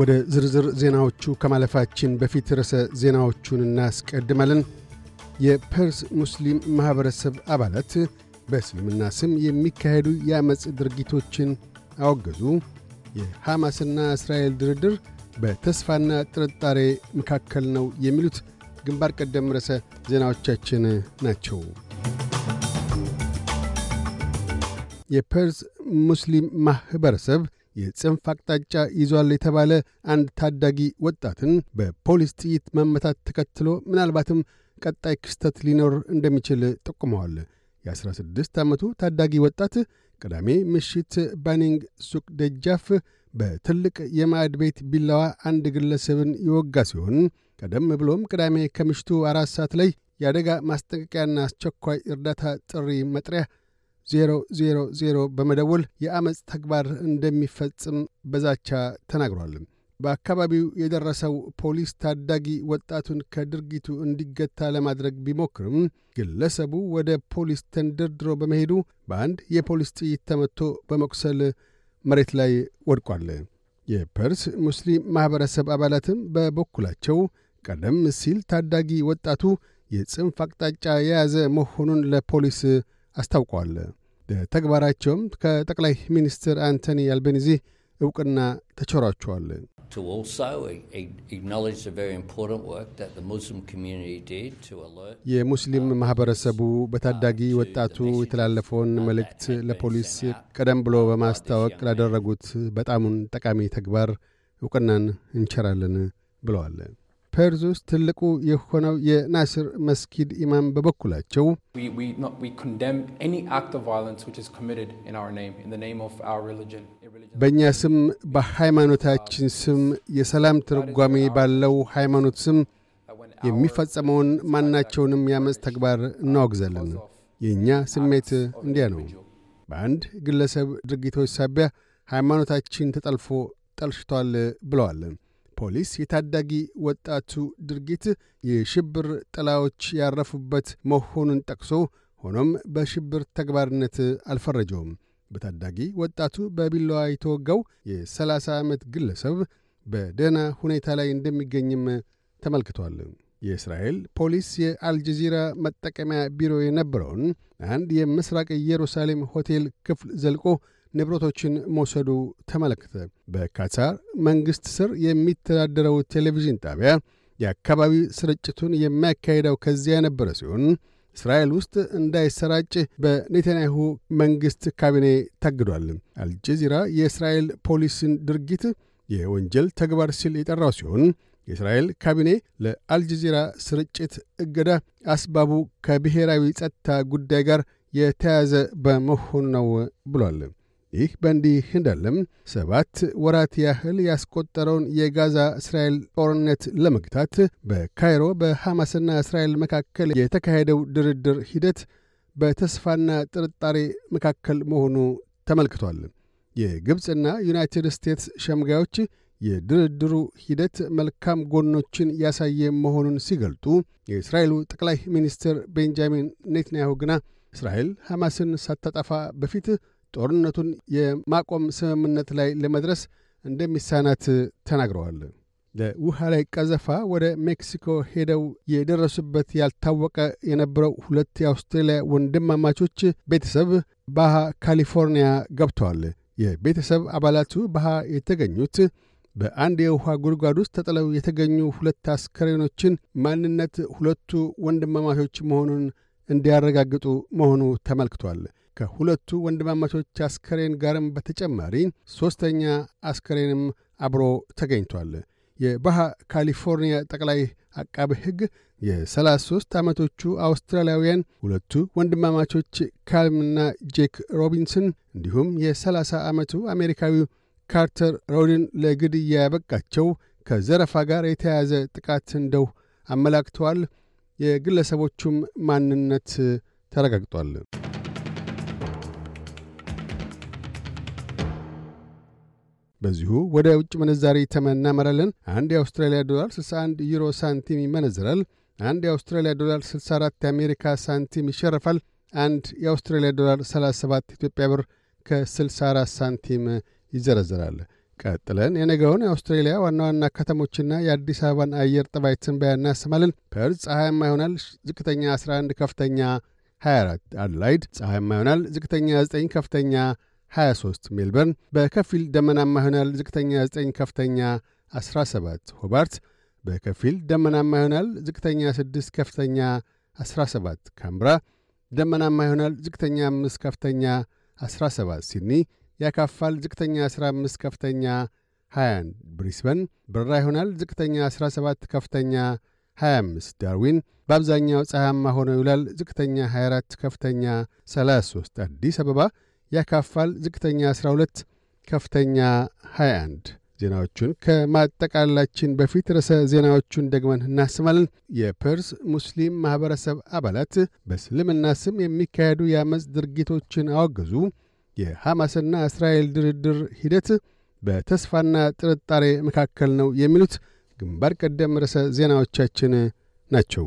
ወደ ዝርዝር ዜናዎቹ ከማለፋችን በፊት ርዕሰ ዜናዎቹን እናስቀድማለን። የፐርስ ሙስሊም ማኅበረሰብ አባላት በእስልምና ስም የሚካሄዱ የአመፅ ድርጊቶችን አወገዙ። የሐማስና እስራኤል ድርድር በተስፋና ጥርጣሬ መካከል ነው የሚሉት ግንባር ቀደም ርዕሰ ዜናዎቻችን ናቸው። የፐርስ ሙስሊም ማኅበረሰብ የጽንፍ አቅጣጫ ይዟል የተባለ አንድ ታዳጊ ወጣትን በፖሊስ ጥይት መመታት ተከትሎ ምናልባትም ቀጣይ ክስተት ሊኖር እንደሚችል ጠቁመዋል። የ16 ዓመቱ ታዳጊ ወጣት ቅዳሜ ምሽት ባኒንግ ሱቅ ደጃፍ በትልቅ የማዕድ ቤት ቢላዋ አንድ ግለሰብን የወጋ ሲሆን ቀደም ብሎም ቅዳሜ ከምሽቱ አራት ሰዓት ላይ የአደጋ ማስጠንቀቂያና አስቸኳይ እርዳታ ጥሪ መጥሪያ 0000 በመደወል የአመፅ ተግባር እንደሚፈጽም በዛቻ ተናግሯል። በአካባቢው የደረሰው ፖሊስ ታዳጊ ወጣቱን ከድርጊቱ እንዲገታ ለማድረግ ቢሞክርም ግለሰቡ ወደ ፖሊስ ተንደርድሮ በመሄዱ በአንድ የፖሊስ ጥይት ተመቶ በመቁሰል መሬት ላይ ወድቋል። የፐርስ ሙስሊም ማኅበረሰብ አባላትም በበኩላቸው ቀደም ሲል ታዳጊ ወጣቱ የጽንፍ አቅጣጫ የያዘ መሆኑን ለፖሊስ አስታውቀዋል። ተግባራቸውም ከጠቅላይ ሚኒስትር አንቶኒ አልቤኒዚ እውቅና ተቸሯቸዋል። uh, የሙስሊም ማኅበረሰቡ በታዳጊ ወጣቱ የተላለፈውን መልእክት ለፖሊስ ቀደም ብሎ በማስታወቅ ላደረጉት በጣሙን ጠቃሚ ተግባር እውቅናን እንቸራለን ብለዋል። ፐርዝ ውስጥ ትልቁ የሆነው የናስር መስጊድ ኢማም በበኩላቸው በእኛ ስም በሃይማኖታችን ስም የሰላም ትርጓሜ ባለው ሃይማኖት ስም የሚፈጸመውን ማናቸውንም ያመፅ ተግባር እናወግዛለን። የእኛ ስሜት እንዲያ ነው። በአንድ ግለሰብ ድርጊቶች ሳቢያ ሃይማኖታችን ተጠልፎ ጠልሽቷል ብለዋል። ፖሊስ የታዳጊ ወጣቱ ድርጊት የሽብር ጥላዎች ያረፉበት መሆኑን ጠቅሶ ሆኖም በሽብር ተግባርነት አልፈረጀውም። በታዳጊ ወጣቱ በቢላዋ የተወጋው የ30 ዓመት ግለሰብ በደህና ሁኔታ ላይ እንደሚገኝም ተመልክቷል። የእስራኤል ፖሊስ የአልጀዚራ መጠቀሚያ ቢሮ የነበረውን አንድ የምስራቅ ኢየሩሳሌም ሆቴል ክፍል ዘልቆ ንብረቶችን መውሰዱ ተመለከተ። በካታር መንግሥት ስር የሚተዳደረው ቴሌቪዥን ጣቢያ የአካባቢ ስርጭቱን የሚያካሂደው ከዚያ የነበረ ሲሆን እስራኤል ውስጥ እንዳይሰራጭ በኔታንያሁ መንግሥት ካቢኔ ታግዷል። አልጀዚራ የእስራኤል ፖሊስን ድርጊት የወንጀል ተግባር ሲል የጠራው ሲሆን የእስራኤል ካቢኔ ለአልጀዚራ ስርጭት እገዳ አስባቡ ከብሔራዊ ጸጥታ ጉዳይ ጋር የተያያዘ በመሆኑ ነው ብሏል። ይህ በእንዲህ እንዳለም ሰባት ወራት ያህል ያስቆጠረውን የጋዛ እስራኤል ጦርነት ለመግታት በካይሮ በሐማስና እስራኤል መካከል የተካሄደው ድርድር ሂደት በተስፋና ጥርጣሬ መካከል መሆኑ ተመልክቷል። የግብፅና ዩናይትድ ስቴትስ ሸምጋዮች የድርድሩ ሂደት መልካም ጎኖችን ያሳየ መሆኑን ሲገልጡ፣ የእስራኤሉ ጠቅላይ ሚኒስትር ቤንጃሚን ኔትንያሁ ግና እስራኤል ሐማስን ሳታጠፋ በፊት ጦርነቱን የማቆም ስምምነት ላይ ለመድረስ እንደሚሳናት ተናግረዋል። ለውሃ ላይ ቀዘፋ ወደ ሜክሲኮ ሄደው የደረሱበት ያልታወቀ የነበረው ሁለት የአውስትሬልያ ወንድማማቾች ቤተሰብ ባሃ ካሊፎርኒያ ገብተዋል። የቤተሰብ አባላቱ ባሃ የተገኙት በአንድ የውሃ ጉድጓድ ውስጥ ተጥለው የተገኙ ሁለት አስከሬኖችን ማንነት ሁለቱ ወንድማማቾች መሆኑን እንዲያረጋግጡ መሆኑ ተመልክቷል። ከሁለቱ ወንድማማቾች አስከሬን ጋርም በተጨማሪ ሦስተኛ አስከሬንም አብሮ ተገኝቷል። የባሃ ካሊፎርኒያ ጠቅላይ አቃቢ ሕግ የ ሦስት ዓመቶቹ አውስትራሊያውያን ሁለቱ ወንድማማቾች ካልምና ጄክ ሮቢንሰን እንዲሁም የ ዓመቱ አሜሪካዊው ካርተር ሮድን ለግድያ ያበቃቸው ከዘረፋ ጋር የተያያዘ ጥቃት እንደው አመላክተዋል። የግለሰቦቹም ማንነት ተረጋግጧል። በዚሁ ወደ ውጭ ምንዛሪ ተመናመራለን አንድ የአውስትራሊያ ዶላር 61 ዩሮ ሳንቲም ይመነዝራል። አንድ የአውስትራሊያ ዶላር 64 የአሜሪካ ሳንቲም ይሸረፋል። አንድ የአውስትራሊያ ዶላር 37 ኢትዮጵያ ብር ከ64 ሳንቲም ይዘረዝራል። ቀጥለን የነገውን የአውስትሬሊያ ዋና ዋና ከተሞችና የአዲስ አበባን አየር ጠባይ ትንበያ እናሰማለን። ፐርዝ ፀሐያማ ይሆናል። ዝቅተኛ 11፣ ከፍተኛ 24። አድላይድ ፀሐያማ ይሆናል። ዝቅተኛ 9፣ ከፍተኛ 23 ሜልበርን በከፊል ደመናማ ይሆናል። ዝቅተኛ 9 ከፍተኛ 17 ሆባርት በከፊል ደመናማ ይሆናል። ዝቅተኛ 6 ከፍተኛ 17 ካምብራ ደመናማ ይሆናል። ዝቅተኛ 5 ከፍተኛ 17 ሲድኒ ያካፋል። ዝቅተኛ 15 ከፍተኛ 21 ብሪስበን ብራ ይሆናል። ዝቅተኛ 17 ከፍተኛ 25 ዳርዊን በአብዛኛው ፀሐያማ ሆኖ ይውላል። ዝቅተኛ 24 ከፍተኛ 33 አዲስ አበባ ያካፋል። ዝቅተኛ 12፣ ከፍተኛ 21። ዜናዎቹን ከማጠቃላችን በፊት ርዕሰ ዜናዎቹን ደግመን እናስማለን። የፐርስ ሙስሊም ማኅበረሰብ አባላት በእስልምና ስም የሚካሄዱ የአመፅ ድርጊቶችን አወገዙ። የሐማስና እስራኤል ድርድር ሂደት በተስፋና ጥርጣሬ መካከል ነው። የሚሉት ግንባር ቀደም ርዕሰ ዜናዎቻችን ናቸው።